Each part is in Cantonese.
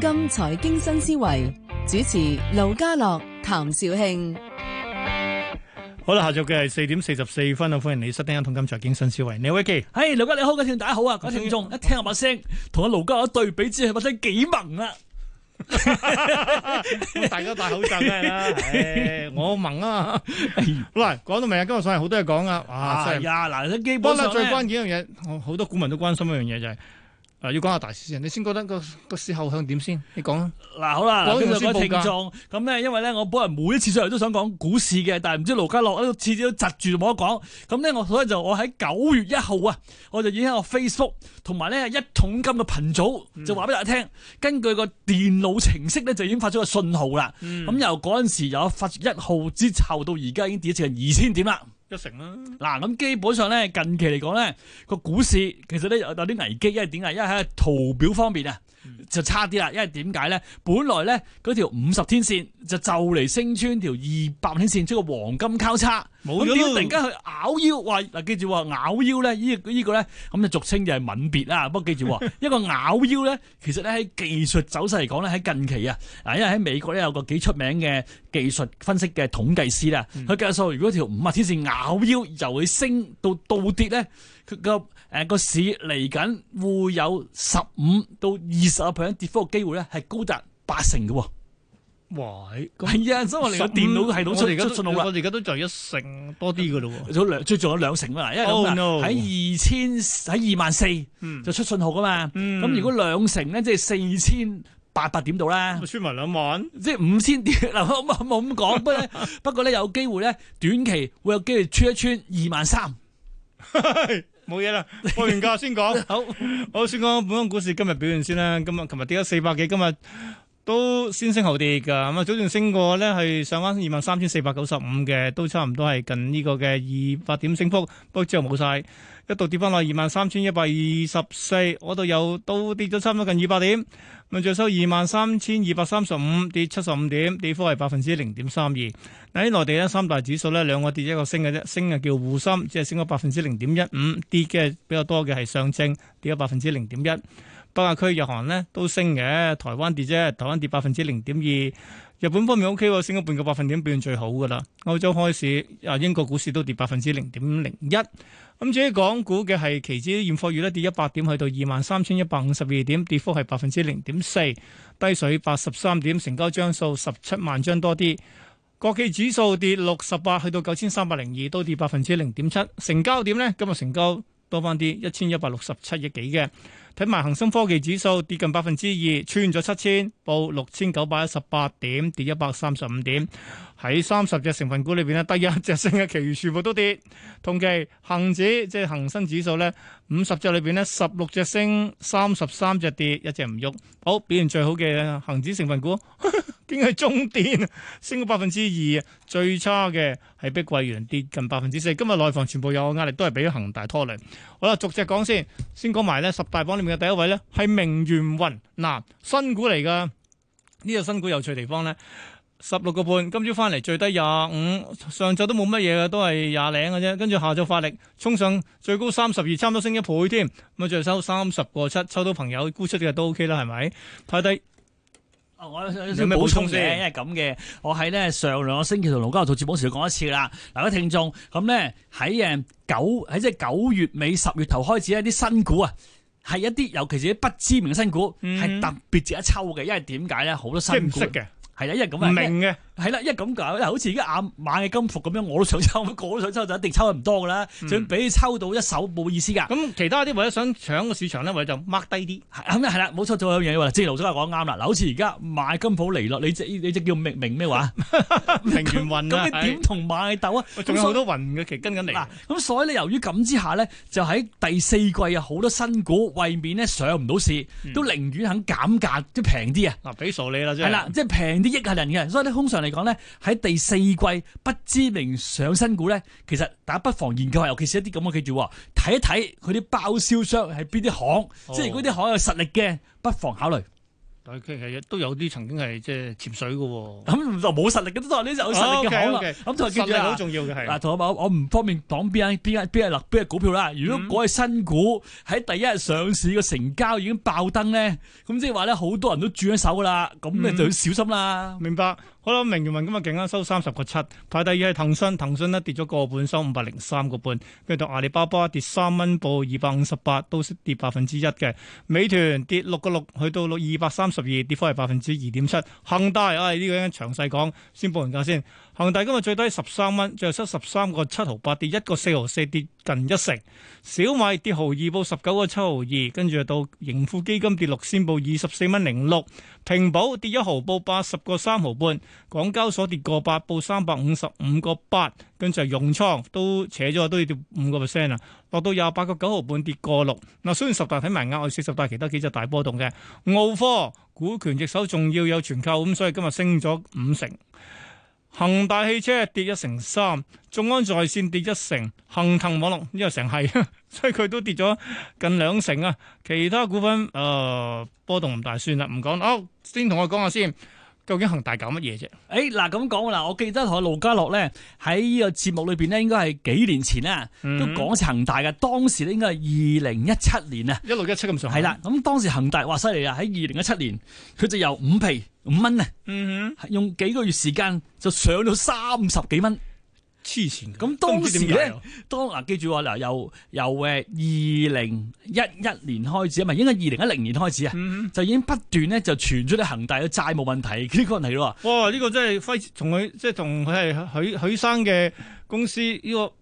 金財經新思維主持盧家樂、譚紹興，好啦，下晝嘅係四點四十四分啊！歡迎你收聽《通金財經新思維》，你好威基，係、hey, 盧家你好，跟住大家好啊！各位聽眾，一聽我把聲，同阿盧家樂對比之下，把聲幾萌啊！大家戴口罩咩啦？誒，我萌啊好嚟，講到明啊，今日上嚟好多嘢講啊！啊，啊 大大 哎啊哎、呀，嗱，你基本上，幫啦，最關鍵一樣嘢，我好多股民都關心一樣嘢就係、是。要講下大市先，你先覺得個個市後向點先？你講啦。嗱，好啦，講完先報價。咁咧，因為咧，我本人每一次上嚟都想講股市嘅，但係唔知盧家樂咧，次次都窒住冇得講。咁咧，我所以就我喺九月一號啊，我就已經喺個 Facebook 同埋咧一桶金嘅頻組就話俾大家聽，根據個電腦程式咧就已經發出個信號啦。咁、嗯、由嗰陣時由發一號之後到而家已經跌咗成二千點啦。一成啦，嗱，咁基本上咧，近期嚟講咧個股市其實咧有有啲危機，因為點啊？因為喺圖表方面啊，就差啲啦。因為點解咧？本來咧嗰條五十天線就就嚟升穿條二百天線，出個黃金交叉。咁點解突然間去咬腰？話嗱，記住話咬腰咧，呢呢個咧，咁就俗稱就係吻別啦。不過記住話，一個咬腰咧，其實咧喺技術走勢嚟講咧，喺近期啊，嗱，因為喺美國咧有個幾出名嘅技術分析嘅統計師啦，佢計數，如果條五日天線咬腰由佢升到倒跌咧，佢個誒個市嚟緊會有十五到二十個 percent 跌幅嘅機會咧，係高達八成嘅。哇！係啊，所以我哋電腦系統出嚟嘅信號啦。我哋而家都在一成多啲嘅咯，仲兩，最仲有兩成啦。因為喺二千，喺二萬四，就出信號噶嘛。咁如果兩成咧，即係四千八百點度啦。穿埋兩萬，即係五千點。嗱，唔好唔好咁講。不過咧，不過咧，有機會咧，短期會有機會穿一穿二萬三。冇嘢啦，報完價先講。好，我先講本港股市今日表現先啦。今日琴日跌咗四百幾，今日。都先升後跌噶，咁啊早前升過呢，係上翻二萬三千四百九十五嘅，都差唔多係近呢個嘅二百點升幅，不過之後冇晒，一度跌翻落二萬三千一百二十四，嗰度又都跌咗差唔多近二百點，咁再收二萬三千二百三十五，跌七十五點，跌幅係百分之零點三二。喺內地呢，三大指數呢，兩個跌一個升嘅啫，升嘅叫滬深，即係升咗百分之零點一五，跌嘅比較多嘅係上證，跌咗百分之零點一。北亞區、日韓咧都升嘅，台灣跌啫。台灣跌百分之零點二，日本方面 O K 喎，升咗半個百分點，表現最好噶啦。歐洲開市，啊，英國股市都跌百分之零點零一。咁、嗯、至於港股嘅係期指現貨月咧跌一百點，去到二萬三千一百五十二點，跌幅係百分之零點四，低水八十三點，成交張數十七萬張多啲。國企指數跌六十八，去到九千三百零二，都跌百分之零點七。成交點呢？今日成交多翻啲一千一百六十七億幾嘅。睇埋恒生科技指數跌近百分之二，穿咗七千，報六千九百一十八點，跌一百三十五點。喺三十隻成分股裏邊呢，得一隻升，其餘全部都跌。同期恒指即係恒生指數呢，五十隻裏邊呢，十六隻升，三十三隻跌，一隻唔喐。好，表現最好嘅恒指成分股，哈哈竟係中電，升咗百分之二。最差嘅係碧桂園，跌近百分之四。今日內房全部有壓力，都係俾恒大拖累。好啦，逐隻講先，先講埋呢十大榜裏面嘅第一位呢，係明源雲，嗱，新股嚟噶。呢、這個新股有趣地方呢，十六個半，今朝翻嚟最低廿五，上晝都冇乜嘢嘅，都係廿零嘅啫。跟住下晝發力，衝上最高三十二，差唔多升一倍添。咁啊，再收三十個七，抽到朋友沽出嘅都 OK 啦，係咪？睇低。哦，我有有有咩補充嘅？因為咁嘅，我喺咧上兩個星期同盧嘉鴻做節目時講一次啦。嗱，位聽眾咁咧喺誒九喺即係九月尾十月頭開始咧，啲新股啊係一啲尤其是啲不知名新股係、嗯、特別值得一抽嘅，因為點解咧？好多新股，嘅，係啊，因為咁啊，唔明嘅。係啦，因為咁搞，因為好似而家買嘅金服咁樣，我都想抽，我都想抽，就一定抽唔多噶啦。想俾你抽到一手冇意思噶。咁其他啲或者想搶個市場咧，或者就掹低啲。咁啊，係啦，冇錯，做有樣嘢話，即係盧叔又講啱啦。嗱，好似而家買金股嚟咯，你即係你即係叫明明咩話？明雲啊，咁你點同買鬥啊？仲有好多雲嘅，其實跟緊嚟。咁所以咧，由於咁之下咧，就喺第四季啊，好多新股為免咧上唔到市，都寧願肯減價，即係平啲啊。嗱，俾傻你啦，即係。係啦，即係平啲，益下人嘅。所以咧，通常嚟。嚟講咧，喺第四季不知名上新股咧，其實大家不妨研究下，尤其是一啲咁嘅，記住睇一睇佢啲包銷商係邊啲行，即係嗰啲行有實力嘅，不妨考慮。但係佢係都有啲曾經係即係潛水嘅。咁就冇實力嘅都話呢種有實力嘅行啦。咁同埋記住，好重要嘅係。嗱，同埋我我唔方便講邊間邊間邊係嗱邊係股票啦。如果嗰隻新股喺第一日上市嘅成交已經爆燈咧，咁即係話咧，好多人都住咗手噶啦，咁你就要小心啦。明白。好啦，明月文今日勁啱收三十個七。排第二係騰訊，騰訊呢跌咗個半，收五百零三個半。跟住到阿里巴巴跌三蚊，報二百五十八，都跌百分之一嘅。美團跌六個六，去到六二百三十二，跌幅係百分之二點七。恒大，啊、哎、呢、這個詳細講，先報完價先。恒大今日最低十三蚊，最後收十三個七毫八，跌一個四毫四，跌近一成。小米跌毫二，報十九個七毫二。跟住到盈富基金跌六仙，報二十四蚊零六。平保跌一毫，報八十個三毫半；港交所跌過八，報三百五十五個八。跟住就融創都扯咗，都要跌五個 percent 啊，落到廿八個九毫半，跌過六。嗱，雖然十大睇埋額，我哋四十大其他幾隻大波動嘅。澳科股權易手，仲要有全購，咁所以今日升咗五成。恒大汽車跌一成三，眾安在線跌一成，恒騰網絡呢個成係呵呵，所以佢都跌咗近兩成啊！其他股份誒、呃、波動唔大，算啦，唔講。哦，先同我講下先，究竟恒大搞乜嘢啫？誒、欸，嗱咁講啦，我記得同盧家樂咧喺呢個節目裏邊咧，應該係幾年前啊，都講恒大嘅。當時咧應該係二零一七年啊，一六一七咁上。係啦，咁當時恒大哇犀利啊！喺二零一七年，佢就由五皮。五蚊啊、嗯哼，用幾個月時間就上到三十幾蚊，黐線，咁當時咧、啊，當嗱記住話嗱，由由誒二零一一年開始啊，唔係應該二零一零年開始啊、嗯，就已經不斷咧就傳出咧恒大嘅債務問題呢個問題咯。哇，呢個真係輝，從佢即係同佢係許許生嘅公司呢個。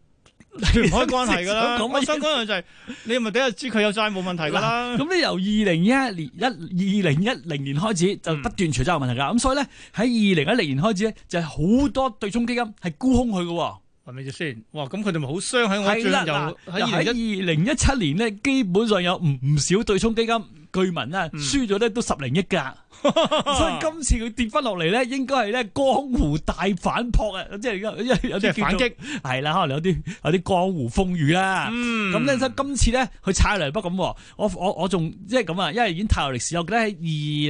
離唔開關係噶啦，講乜新關係就係你咪第一知佢有債冇問題噶啦。咁、嗯、你由二零一一年一二零一零年開始就不斷除債有問題噶，咁、嗯、所以咧喺二零一零年開始咧就係好多對沖基金係沽空佢嘅。話咪啫先？哇！咁佢哋咪好傷喺我最又喺二零一七年咧，嗯、年基本上有唔唔少對沖基金，據聞咧輸咗咧都十零億㗎。 所以今次佢跌翻落嚟咧，應該係咧江湖大反撲啊！即係而家，有啲反擊係啦，可能有啲有啲江湖風雨啦。咁、嗯、咧，今、嗯、次咧，佢踩嚟不咁。我我我仲即係咁啊，因為已經踏入歷史。我記得喺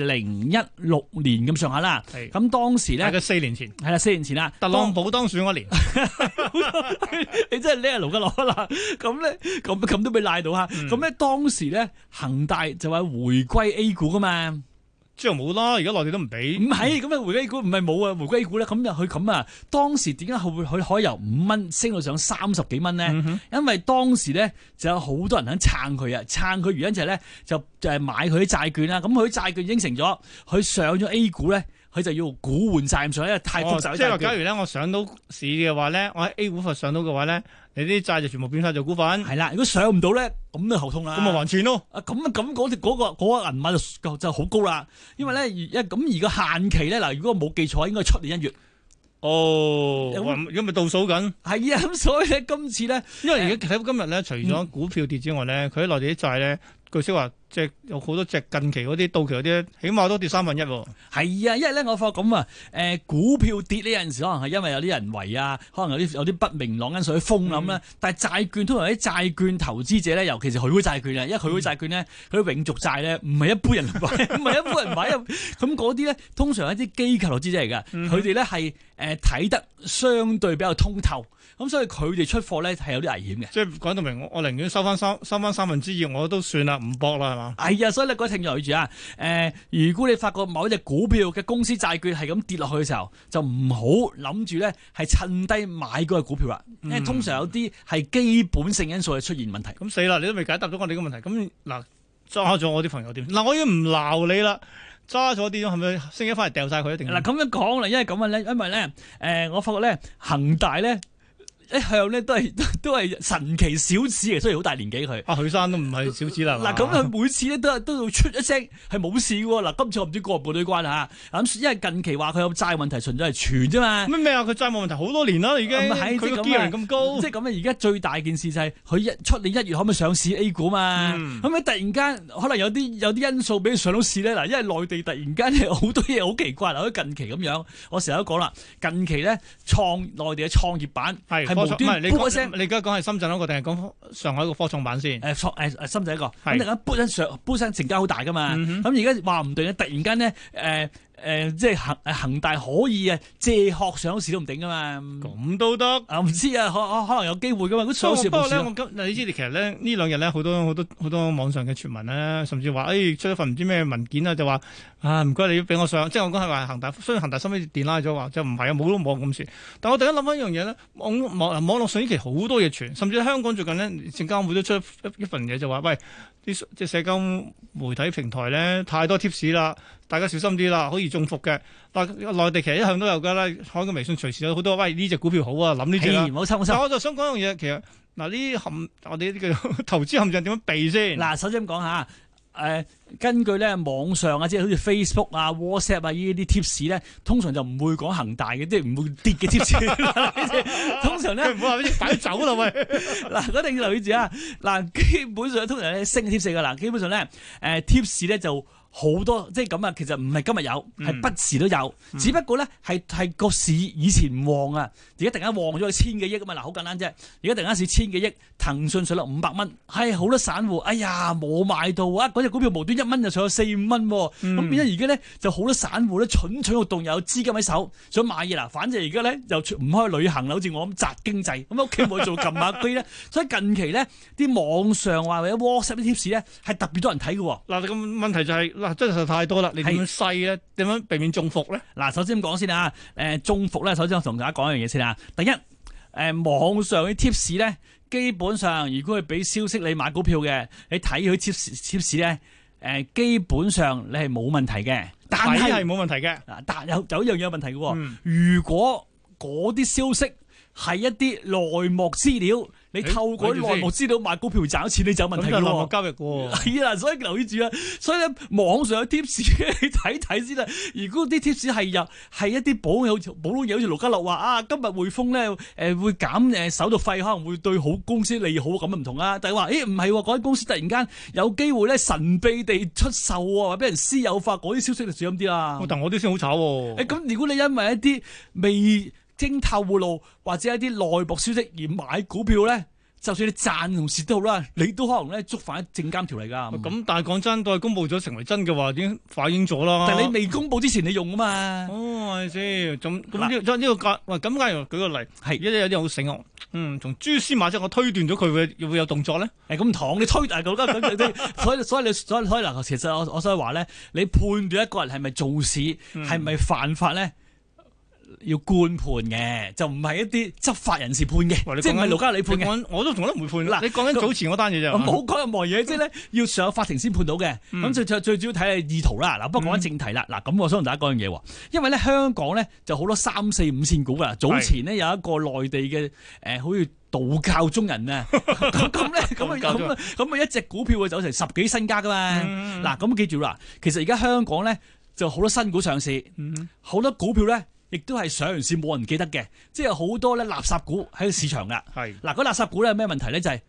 二零一六年咁上下啦。咁當時咧，係四年前，係啦，四年前啦，特朗普當選嗰年。 你真係叻到嘅攞啦！咁、嗯、咧，咁咁都俾賴到吓。咁咧，當時咧，恒大就話回歸 A 股噶嘛。即係冇啦，而家內地都唔俾。唔係，咁啊，回歸股唔係冇啊，回歸股咧，咁又佢咁啊，當時點解佢會佢可以由五蚊升到上三十幾蚊咧？因為當時咧就有好多人肯撐佢啊，撐佢原因就係咧就就係買佢啲債券啦。咁佢啲債券應承咗，佢上咗 A 股咧。佢就要股換債唔上因為太複雜、哦。即係話，假如咧我上到市嘅話咧，我喺 A 股份上到嘅話咧，你啲債就全部變晒做股份。係啦，如果上唔到咧，咁就喉痛啦。咁咪，還錢咯。啊，咁啊，咁嗰個嗰個銀碼就好高啦。因為咧，咁而個限期咧，嗱，如果我冇記錯，應該出年一月。哦，咁咪倒數緊。係啊，咁所以咧，今次咧，因為而家睇到今日咧，除咗股票跌之外咧，佢、嗯、內地啲債咧，據說。即係有好多隻近期嗰啲到期嗰啲，起碼都跌三分一，啊。係啊，因為咧我發覺咁啊，誒、呃、股票跌呢陣時，可能係因為有啲人為啊，可能有啲有啲不明朗因素去瘋諗咧。但係債券通常啲債券投資者咧，尤其是許可債券啊，因為許可債券咧，佢、嗯、永續債咧，唔係一般人買，唔係一般人買啊。咁嗰啲咧，通常係一啲機構投資者嚟㗎，佢哋咧係誒睇得相對比較通透，咁所以佢哋出貨咧係有啲危險嘅。即係講到明，我我寧願收翻三收翻三分之二，我都算啦，唔搏啦，係。哎呀，所以你嗰個聽眾記住啊，誒、呃，如果你發覺某一隻股票嘅公司債券係咁跌落去嘅時候，就唔好諗住咧係趁低買嗰個股票啦、嗯，因為通常有啲係基本性因素係出現問題。咁死啦，你都未解答到我哋嘅問題。咁嗱，揸咗我啲朋友點？嗱，我已經唔鬧你啦？揸咗啲，係咪升一翻嚟掉晒佢一定。嗱咁樣講啦，因為咁啊咧，因為咧，誒、呃，我發覺咧，恒大咧。一向咧都係都係神奇小子嘅，雖然好大年紀佢。啊，許生都唔係小子啦。嗱，咁佢每次咧都都要出一聲係冇事喎。嗱， 今次我唔知過唔過呢關嚇。咁，因為近期話佢有債問題順，純粹係傳啫嘛。咩咩啊？佢債冇問題，好多年啦，已經。佢啲人咁高。即係咁而家最大件事就係佢一出年一月可唔可以上市 A 股啊嘛？咁、嗯、突然間可能有啲有啲因素俾佢上到市咧。嗱，因為內地突然間好多嘢好奇怪啊！好似近期咁樣，我成日都講啦，近期咧創內地嘅創業板唔係你，波聲你而家講係深圳個一個定係講上海個科創板先？深圳一個，咁而家波上波聲成交好大噶嘛？咁而家話唔定咧，突然間咧誒、呃、即係恆恆大可以，學可以啊，借殼上市都唔定噶嘛，咁都得啊？唔知啊，可能有機會噶嘛？不過咧，我今你知道其實咧呢兩日咧好多好多好多網上嘅傳聞咧，甚至話誒、哎、出咗份唔知咩文件啦、啊，就話啊唔該你俾我上，即係我講係話恒大，雖然恒大收尾電拉咗話就唔係啊，冇都冇咁事。但我突然間諗翻一樣嘢咧，網網絡上依期好多嘢傳，甚至香港最近呢，證監會都出一份嘢就話，喂啲即係社交媒體平台咧太多貼士啦。大家小心啲啦，可以中伏嘅。但係內地其實一向都有噶啦，開個微信隨時有好多，喂呢隻、這個、股票好啊，諗呢啲啦。但係我就想講一樣嘢，其實嗱呢啲陷，我哋呢個投資陷阱點樣避先？嗱，首先講下、呃根據咧網上啊，即係好似 Facebook 啊、WhatsApp 啊呢啲貼士咧，通常就唔會講恒大嘅，即係唔會跌嘅貼士。通常咧，唔會話畀你快走啦喂！嗱，我一定要留意住啊！嗱，基本上通常咧升嘅貼士㗎喇，基本上咧誒貼士咧就好多，即係咁啊。其實唔係今日有，係不時都有。只不過咧係係個市以前唔旺啊，而家突然間旺咗千幾億㗎嘛！嗱，好簡單啫。而家突然間市千幾億，騰訊上落五百蚊，係好多散戶，哎呀冇買到啊！嗰隻股票無端。一蚊就上有四五蚊，咁變咗而家咧就好多散戶咧蠢，蠢蠢欲動，又有資金喺手，想買嘢啦。反正而家咧又唔可以旅行，好似我咁宅經濟，咁喺屋企冇做撳下機咧。 所以近期咧，啲網上話或者 WhatsApp 啲 tips 咧，係特別多人睇嘅。嗱，咁問題就係嗱，真係太多啦，你點細咧？點樣避免中伏咧？嗱，首先咁講先啊，誒，中伏咧，首先我同大家講一樣嘢先啊。第一，誒，網上啲 tips 咧，基本上如果係俾消息你買股票嘅，你睇佢 tips tips 咧。誒基本上你係冇問題嘅，但係冇問題嘅，但有有一樣嘢有問題嘅喎、嗯。如果嗰啲消息係一啲內幕資料。你透過內幕知道買股票會賺到錢，你就有問題啦。交易喎，係所以留意住啊。所以咧，網上有貼士，你睇睇先啦。如果啲貼士係入係一啲保友保，好似盧家樂話啊，今日匯豐咧誒會減誒手續費，可能會對好公司利好咁唔同咦啊。但係話誒唔係，嗰啲公司突然間有機會咧神秘地出售啊，話俾人私有化，嗰啲消息小心啲啦。但我啲先好慘。誒、欸，咁如果你因為一啲未。聽透戶路，或者一啲內部消息而買股票咧，就算你賺同蝕都好啦，你都可能咧觸犯一證監條例噶。咁但係講真，都係公布咗成為真嘅話，已經反映咗啦。但係你未公布之前，你用啊嘛。哦，先咁咁呢個呢、這個喂咁假如舉個例，係一啲有啲好醒哦。嗯，從蛛絲馬迹我推斷咗佢會會有動作咧。誒、嗯，咁唔你推 所，所以所以你所以推嗱，其實我,我,我所以話咧，你判斷一個人係咪做事，係、嗯、咪犯法咧？要官判嘅，就唔係一啲執法人士判嘅，即係盧嘉你判嘅。我都同我都唔會判。嗱，你講緊早前嗰單嘢就，唔好講任何嘢，即係咧要上法庭先判到嘅。咁最最最主要睇下意圖啦。嗱，不過講翻正題、嗯、啦。嗱，咁我想同大家講樣嘢喎，因為咧香港咧就好多三四五線股噶啦。早前咧有一個內地嘅、呃、好似道教中人啊，咁咁咧咁咁咁啊一隻股票就走成十幾身家噶嘛。嗱、嗯，咁記住啦，其實而家香港咧就好多新股上市，好、嗯、多股票咧。亦都係上完市冇人記得嘅，即係好多咧垃圾股喺市場㗎。係，嗱、嗰個垃圾股咧有咩問題咧？就係、是、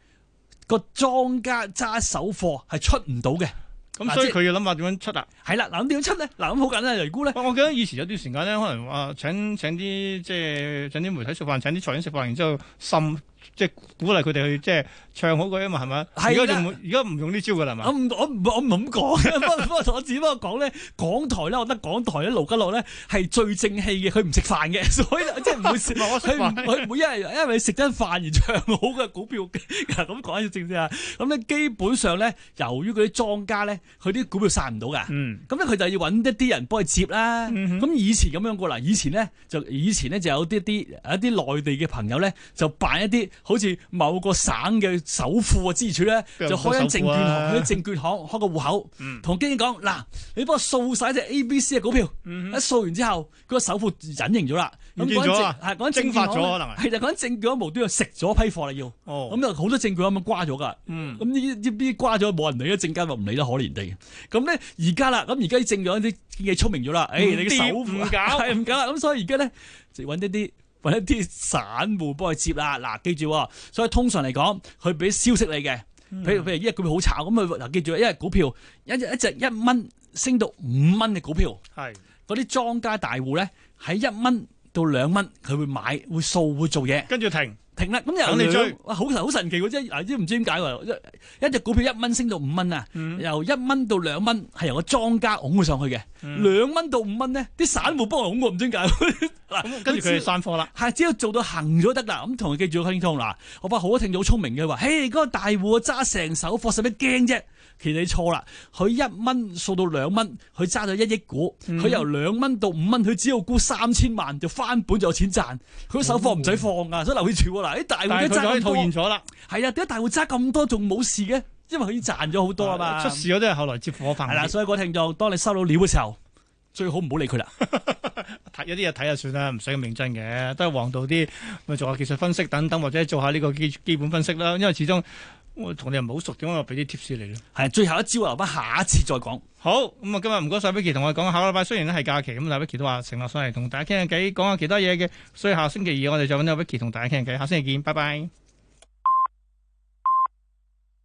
個莊家揸手貨係出唔到嘅，咁、嗯、所以佢要諗下點樣出啊？係啦，嗱，點樣出咧？嗱，咁好簡單，雷估咧。我記得以前有段時間咧，可能話請啲即係請啲、就是、媒體食飯，請啲財演食飯，然之後心。即、就、係、是、鼓勵佢哋去即係唱好嘅嘛，係咪？而家而家唔用呢招㗎啦嘛。我唔我唔我唔咁講， 不不我只不過講咧港台咧，我覺得港台咧盧吉樂咧係最正氣嘅，佢唔食飯嘅，所以即係唔會食飯。佢佢唔會因為因為食真飯而唱好嘅股票嘅。咁講啲正先吓。咁咧基本上咧，由於嗰啲莊家咧，佢啲股票散唔到㗎。咁咧佢就要搵一啲人幫佢接啦。咁、嗯、以前咁樣過啦。以前咧就以前咧就有啲啲一啲內地嘅朋友咧就辦一啲。好似某個省嘅首富啊支柱咧，就開間證券去間證券行、啊、證券行開個戶口，同經紀講嗱，你幫我掃晒隻 A、B、C 嘅股票，一掃完之後，嗰個首富隱形咗啦，唔見咗啊，蒸發咗可能其實講間證券無端端食咗批貨啦要，咁、哦、就好多證券行咁瓜咗噶，咁呢啲瓜咗冇人理啦，證監會唔理得。可憐地。咁咧而家啦，咁而家啲證券啲經紀聰明咗啦，誒、欸、你嘅首富係唔搞，咁所以而家咧就揾一啲。或者一啲散戶幫佢接啦，嗱，記住，所以通常嚟講，佢俾消息你嘅，譬如譬如呢一股票好慘，咁佢嗱，記住，因為股票一隻一隻一蚊升到五蚊嘅股票，係嗰啲莊家大戶咧，喺一蚊到兩蚊，佢會買會掃會做嘢，跟住停。停啦！咁又佢哇好神好神奇嘅啫，嗱唔知唔知點解喎，一一隻股票一蚊升到五蚊啊，由一蚊到兩蚊係由個莊家拱佢上去嘅，兩蚊到五蚊咧啲散戶幫我拱嘅，唔知點解嗱，跟住佢散貨啦，係只要做到行咗得啦。咁同佢記住，兄弟嗱，我話好多聽眾好聰明嘅話，嘿，嗰個大戶揸成手貨使乜驚啫？其實你錯啦，佢一蚊數到兩蚊，佢揸咗一億股，佢、嗯、由兩蚊到五蚊，佢只要沽三千萬就翻本就有錢賺，佢手貨唔使放噶、嗯，所以留起住喎嗱。但係佢再套現咗啦，係啊，點解大戶揸咁多仲冇事嘅？因為佢已經賺咗好多嘛啊嘛。出事嗰啲係後來接火翻。係啦，所以各位聽眾，當你收到料嘅時候，最好唔好理佢啦。睇有啲嘢睇下算啦，唔使咁認真嘅，都係王道啲咪做下技術分析等等，或者做下呢個基基本分析啦，因為始終。我同你又唔好熟嘅，我俾啲 tips 你咯。係最後一招啊，留翻下一次再講。好咁啊，今日唔該晒 Vicky 同我講，下個禮拜雖然咧係假期，咁但 Vicky 都話承諾翻嚟，同大家傾下偈，講下其他嘢嘅。所以下星期二我哋再揾阿 Vicky 同大家傾下偈，下星期見，拜拜。